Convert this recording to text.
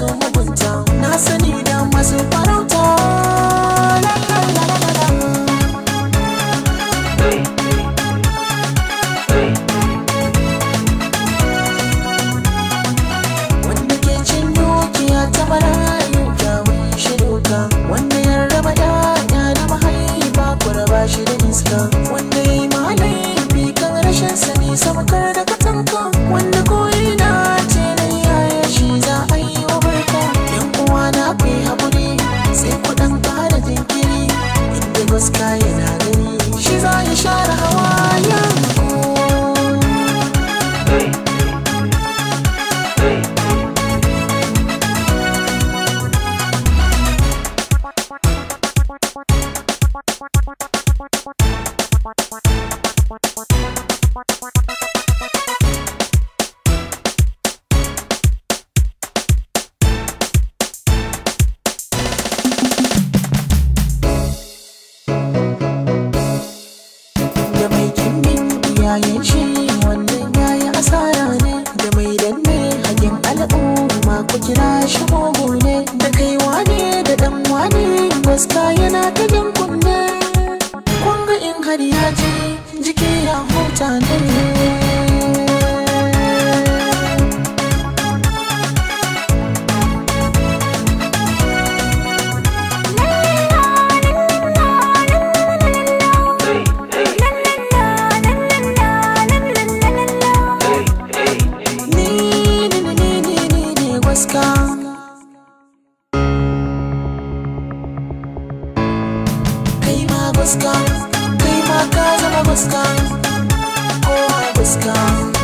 so mugunta na sani da masu farauta Da yayin shi wannan yayi asara ne da mai danne hakin al'umma ku kira shi mugu ne da kai wane da dan wane gaska yana ta jiki ya huta ne sky my guys and I was gone. Oh, I was gone.